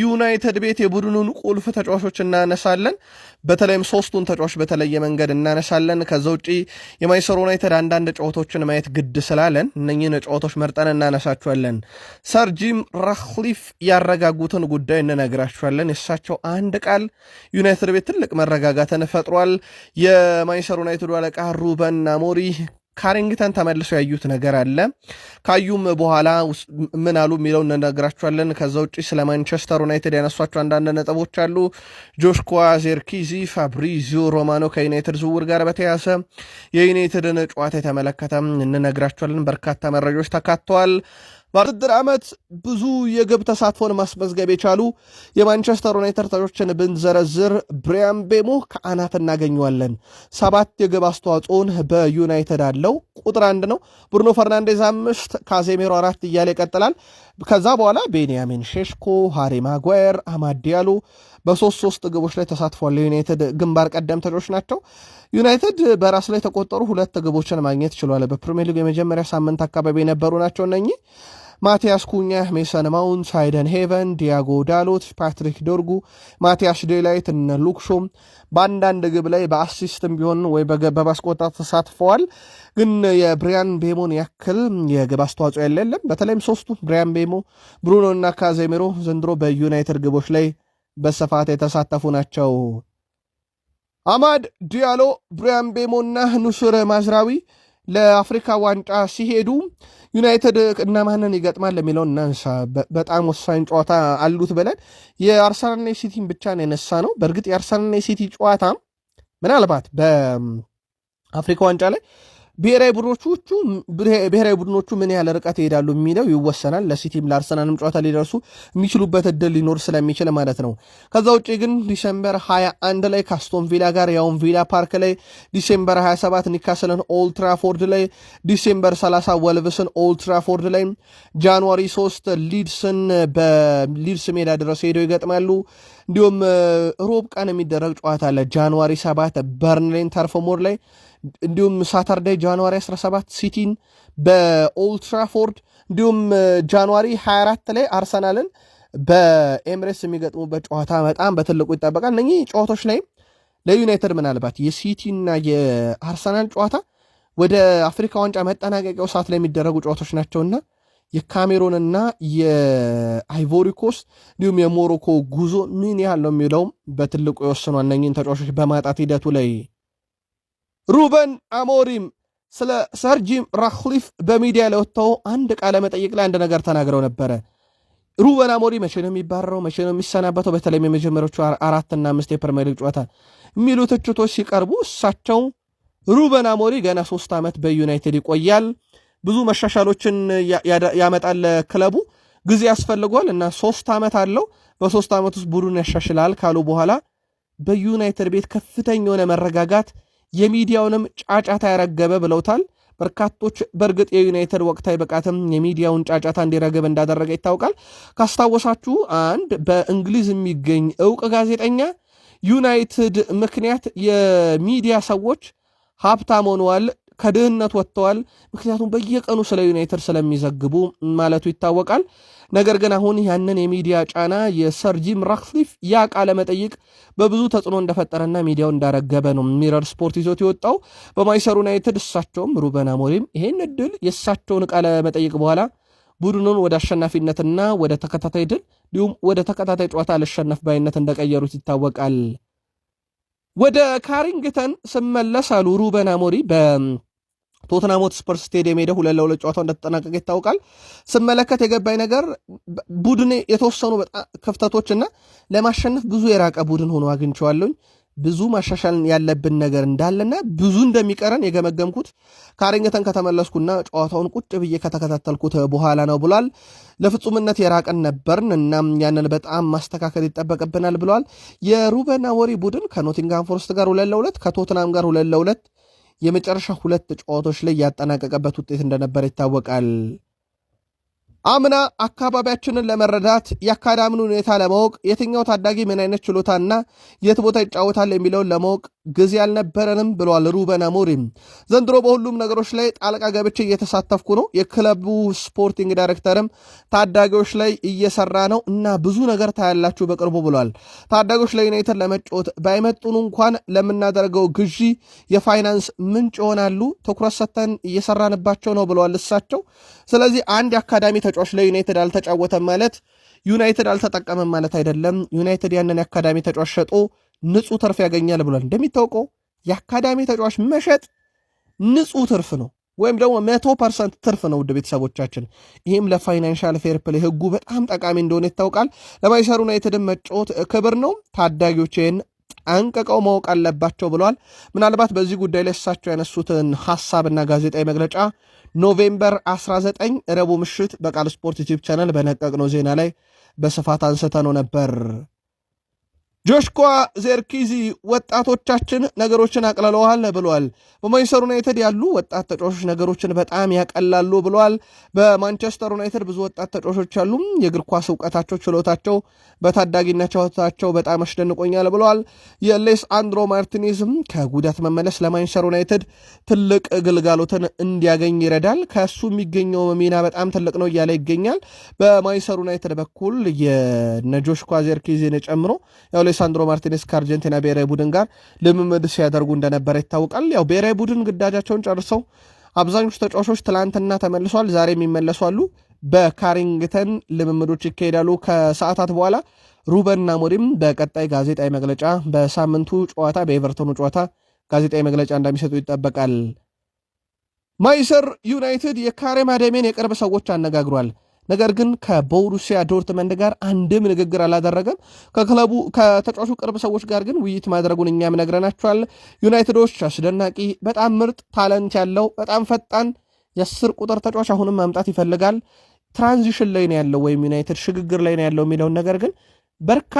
ዩናይትድ ቤት የቡድኑን ቁልፍ ተጫዋቾች እናነሳለን። በተለይም ሶስቱን ተጫዋች በተለየ መንገድ እናነሳለን። ከዛ ውጪ የማንችስተር ዩናይትድ አንዳንድ ጨዋታዎችን ማየት ግድ ስላለን እነኝህን ጨዋታዎች መርጠን እናነሳቸዋለን። ሰር ጂም ራትክሊፍ ያረጋጉትን ጉዳይ እንነግራቸዋለን። የእሳቸው አንድ ቃል ዩናይትድ ቤት ትልቅ መረጋጋትን ፈጥሯል። የማንችስተር ዩናይትዱ አለቃ ሩበን አሞሪም ካሪንግተን ተመልሶ ያዩት ነገር አለ። ካዩም በኋላ ምን አሉ የሚለው እንነግራችኋለን። ከዛ ውጭ ስለ ማንቸስተር ዩናይትድ ያነሷቸው አንዳንድ ነጥቦች አሉ። ጆሽኳ ዜርኪዚ፣ ፋብሪዚዮ ሮማኖ ከዩናይትድ ዝውውር ጋር በተያያዘ የዩናይትድን ጨዋታ የተመለከተ እንነግራችኋለን። በርካታ መረጃዎች ተካተዋል። በውድድር ዓመት ብዙ የግብ ተሳትፎን ማስመዝገብ የቻሉ የማንቸስተር ዩናይትድ ተጫዋቾችን ብንዘረዝር ብሪያን ቤሞ ከአናት እናገኘዋለን። ሰባት የግብ አስተዋጽኦን በዩናይትድ አለው፣ ቁጥር አንድ ነው። ብሩኖ ፈርናንዴዝ አምስት፣ ካዜሜሮ አራት እያለ ይቀጥላል። ከዛ በኋላ ቤንያሚን ሼሽኮ፣ ሃሪ ማጓየር፣ አማድ ያሉ በሶስት ሶስት ግቦች ላይ ተሳትፏል። የዩናይትድ ግንባር ቀደም ተጫዋቾች ናቸው። ዩናይትድ በራስ ላይ የተቆጠሩ ሁለት ግቦችን ማግኘት ችሏል። በፕሪሚየር ሊግ የመጀመሪያ ሳምንት አካባቢ የነበሩ ናቸው እነኚህ ማቲያስ ኩኛ ሜሰን ማውንት፣ ሃይደን ሄቨን፣ ዲያጎ ዳሎት፣ ፓትሪክ ዶርጉ፣ ማቲያስ ዴላይት፣ እነ ሉክሾ በአንዳንድ ግብ ላይ በአሲስትም ቢሆን ወይ በማስቆጣት ተሳትፈዋል። ግን የብሪያን ቤሞን ያክል የግብ አስተዋጽኦ ያለ በተለይም ሶስቱ ብሪያን ቤሞ፣ ብሩኖ እና ካዜሜሮ ዘንድሮ በዩናይትድ ግቦች ላይ በስፋት የተሳተፉ ናቸው። አማድ ዲያሎ፣ ብሪያን ቤሞና ኑሱር ማዝራዊ ለአፍሪካ ዋንጫ ሲሄዱ ዩናይትድ እና ማንን ይገጥማል ለሚለውን እናንሳ። በጣም ወሳኝ ጨዋታ አሉት ብለን የአርሰናልና ሲቲን ብቻ ነው የነሳ ነው። በእርግጥ የአርሰናልና ሲቲ ጨዋታ ምናልባት በአፍሪካ ዋንጫ ላይ ብሔራዊ ቡድኖቹ ብሔራዊ ቡድኖቹ ምን ያህል ርቀት ይሄዳሉ የሚለው ይወሰናል። ለሲቲም ለአርሰናልም ጨዋታ ሊደርሱ የሚችሉበት እድል ሊኖር ስለሚችል ማለት ነው። ከዛ ውጭ ግን ዲሴምበር 21 ላይ ካስቶን ቪላ ጋር ያውን ቪላ ፓርክ ላይ፣ ዲሴምበር 27 ኒካስልን ኦልትራፎርድ ላይ፣ ዲሴምበር 30 ወልቭስን ኦልትራፎርድ ላይ፣ ጃንዋሪ 3 ሊድስን በሊድስ ሜዳ ድረስ ሄደው ይገጥማሉ። እንዲሁም ሮብ ቀን የሚደረግ ጨዋታ አለ። ጃንዋሪ 7 በርንሌን ተርፎሞር ላይ እንዲሁም ሳተርዳይ ጃንዋሪ 17 ሲቲን በኦልትራፎርድ እንዲሁም ጃንዋሪ 24 ላይ አርሰናልን በኤምሬስ የሚገጥሙበት ጨዋታ በጣም በትልቁ ይጠበቃል። እነኚህ ጨዋታዎች ላይም ለዩናይትድ ምናልባት የሲቲና የአርሰናል ጨዋታ ወደ አፍሪካ ዋንጫ መጠናቀቂያው ሰዓት ላይ የሚደረጉ ጨዋታዎች ናቸውና የካሜሮንና የአይቮሪኮስ እንዲሁም የሞሮኮ ጉዞ ምን ያህል ነው የሚለውም በትልቁ የወስኗ እነኝን ተጫዋቾች በማጣት ሂደቱ ላይ ሩበን አሞሪም ስለ ሰርጂም ራክሊፍ በሚዲያ ላይ ወጥተው አንድ ቃለ መጠይቅ ላይ አንድ ነገር ተናግረው ነበረ። ሩበን አሞሪ መቼ ነው የሚባረረው? መቼ ነው የሚሰናበተው? በተለይም የመጀመሪያዎቹ አራትና አምስት የፕሪሚየር ሊግ ጨዋታ የሚሉ ትችቶች ሲቀርቡ እሳቸው ሩበን አሞሪ ገና ሶስት ዓመት በዩናይትድ ይቆያል፣ ብዙ መሻሻሎችን ያመጣል፣ ክለቡ ጊዜ ያስፈልገዋል እና ሶስት ዓመት አለው፣ በሶስት ዓመት ውስጥ ቡድን ያሻሽላል ካሉ በኋላ በዩናይትድ ቤት ከፍተኛ የሆነ መረጋጋት የሚዲያውንም ጫጫታ ያረገበ ብለውታል። በርካቶች በእርግጥ የዩናይትድ ወቅታዊ ብቃትም የሚዲያውን ጫጫታ እንዲረግብ እንዳደረገ ይታወቃል። ካስታወሳችሁ አንድ በእንግሊዝ የሚገኝ እውቅ ጋዜጠኛ ዩናይትድ ምክንያት የሚዲያ ሰዎች ሀብታም ሆነዋል፣ ከድህነት ወጥተዋል፣ ምክንያቱም በየቀኑ ስለ ዩናይትድ ስለሚዘግቡ ማለቱ ይታወቃል። ነገር ግን አሁን ያንን የሚዲያ ጫና የሰር ጂም ራትክሊፍ ያ ቃለ መጠይቅ በብዙ ተጽዕኖ እንደፈጠረና ሚዲያው እንዳረገበ ነው ሚረር ስፖርት ይዞት የወጣው። በማይሰር ዩናይትድ እሳቸውም ሩበን አሞሪም ይሄን እድል የእሳቸውን ቃለ መጠይቅ በኋላ ቡድኑን ወደ አሸናፊነትና ወደ ተከታታይ ድል እንዲሁም ወደ ተከታታይ ጨዋታ አልሸነፍ ባይነት እንደቀየሩት ይታወቃል። ወደ ካሪንግተን ስመለስ አሉ ሩበን አሞሪ በ ቶትናም ሆትስፐር ስቴዲየም ሄደ ሁለት ለሁለት ጨዋታው እንደተጠናቀቀ ይታወቃል። ስመለከት የገባኝ ነገር ቡድን የተወሰኑ በጣም ክፍተቶች እና ለማሸነፍ ብዙ የራቀ ቡድን ሆኖ አግኝቼዋለሁኝ። ብዙ ማሻሻል ያለብን ነገር እንዳለና ብዙ እንደሚቀረን የገመገምኩት ካሪንግተን ከተመለስኩና ጨዋታውን ቁጭ ብዬ ከተከታተልኩት በኋላ ነው ብሏል። ለፍጹምነት የራቀን ነበርን፣ እናም ያንን በጣም ማስተካከል ይጠበቅብናል ብሏል። የሩበን አሞሪም ቡድን ከኖቲንግሃም ፎረስት ጋር ሁለት ለሁለት ከቶትናም ጋር ሁለት ለሁለት የመጨረሻ ሁለት ጨዋታዎች ላይ ያጠናቀቀበት ውጤት እንደነበረ ይታወቃል። አምና አካባቢያችንን ለመረዳት የአካዳሚን ሁኔታ ለማወቅ የትኛው ታዳጊ ምን አይነት ችሎታና የት ቦታ ይጫወታል የሚለውን ለማወቅ ጊዜ አልነበረንም ብሏል ሩበን አሞሪም። ዘንድሮ በሁሉም ነገሮች ላይ ጣልቃ ገብቼ እየተሳተፍኩ ነው። የክለቡ ስፖርቲንግ ዳይሬክተርም ታዳጊዎች ላይ እየሰራ ነው እና ብዙ ነገር ታያላችሁ በቅርቡ ብሏል። ታዳጊዎች ለዩናይትድ ለመጫወት ባይመጡን እንኳን ለምናደርገው ግዢ የፋይናንስ ምንጭ ይሆናሉ። ትኩረት ሰጥተን እየሰራንባቸው ነው ብለዋል እሳቸው። ስለዚህ አንድ የአካዳሚ ተጫዋች ለዩናይትድ አልተጫወተም ማለት ዩናይትድ አልተጠቀመም ማለት አይደለም። ዩናይትድ ያንን የአካዳሚ ተጫዋች ሸጦ ንጹህ ትርፍ ያገኛል ብሏል። እንደሚታወቀው የአካዳሚ ተጫዋች መሸጥ ንጹህ ትርፍ ነው ወይም ደግሞ መቶ ፐርሰንት ትርፍ ነው። ውድ ቤተሰቦቻችን ይህም ለፋይናንሻል ፌር ህጉ በጣም ጠቃሚ እንደሆነ ይታወቃል። ለማይሰሩ ዩናይትድን መጫወት ክብር ነው። ታዳጊዎችን ጠንቅቀው ማወቅ አለባቸው ብለዋል። ምናልባት በዚህ ጉዳይ ላይ እሳቸው ያነሱትን ሀሳብና ጋዜጣዊ መግለጫ ኖቬምበር 19 ረቡዕ ምሽት በቃል ስፖርት ዩቲዩብ ቻናል በነቀቅነው ዜና ላይ በስፋት አንስተነው ነበር። ጆሽኳ ዜርኪዚ ወጣቶቻችን ነገሮችን አቅልለዋል ብሏል። በማንቸስተር ዩናይትድ ያሉ ወጣት ተጫዋቾች ነገሮችን በጣም ያቀላሉ ብለዋል። በማንቸስተር ዩናይትድ ብዙ ወጣት ተጫዋቾች አሉ። የእግር ኳስ እውቀታቸው፣ ችሎታቸው፣ በታዳጊነት ችሎታቸው በጣም አስደንቆኛል ብለዋል። የሌስ አንድሮ ማርቲኒዝም ከጉዳት መመለስ ለማንቸስተር ዩናይትድ ትልቅ ግልጋሎትን እንዲያገኝ ይረዳል። ከሱ የሚገኘው ሚና በጣም ትልቅ ነው እያለ ይገኛል። በማንቸስተር ዩናይትድ በኩል የነ ጆሽኳ ዜርኪዚን ጨምሮ አሌሳንድሮ ማርቲኔስ ከአርጀንቲና ብሔራዊ ቡድን ጋር ልምምድ ሲያደርጉ እንደነበረ ይታወቃል። ያው ብሔራዊ ቡድን ግዳጃቸውን ጨርሰው አብዛኞቹ ተጫዋቾች ትላንትና ተመልሷል፣ ዛሬ የሚመለሱ አሉ። በካሪንግተን ልምምዶች ይካሄዳሉ። ከሰዓታት በኋላ ሩበን አሞሪም በቀጣይ ጋዜጣዊ መግለጫ በሳምንቱ ጨዋታ በኤቨርተኑ ጨዋታ ጋዜጣዊ መግለጫ እንደሚሰጡ ይጠበቃል። ማይሰር ዩናይትድ የካሬም አደሜን የቅርብ ሰዎች አነጋግሯል። ነገር ግን ከቦሩሲያ ዶርትመንድ ጋር አንድም ንግግር አላደረገም። ከክለቡ ከተጫዋቹ ቅርብ ሰዎች ጋር ግን ውይይት ማድረጉን እኛም ነግረናቸዋል። ዩናይትዶች አስደናቂ፣ በጣም ምርጥ ታለንት ያለው በጣም ፈጣን የአስር ቁጥር ተጫዋች አሁንም ማምጣት ይፈልጋል። ትራንዚሽን ላይ ነው ያለው ወይም ዩናይትድ ሽግግር ላይ ነው ያለው የሚለውን ነገር ግን በርካ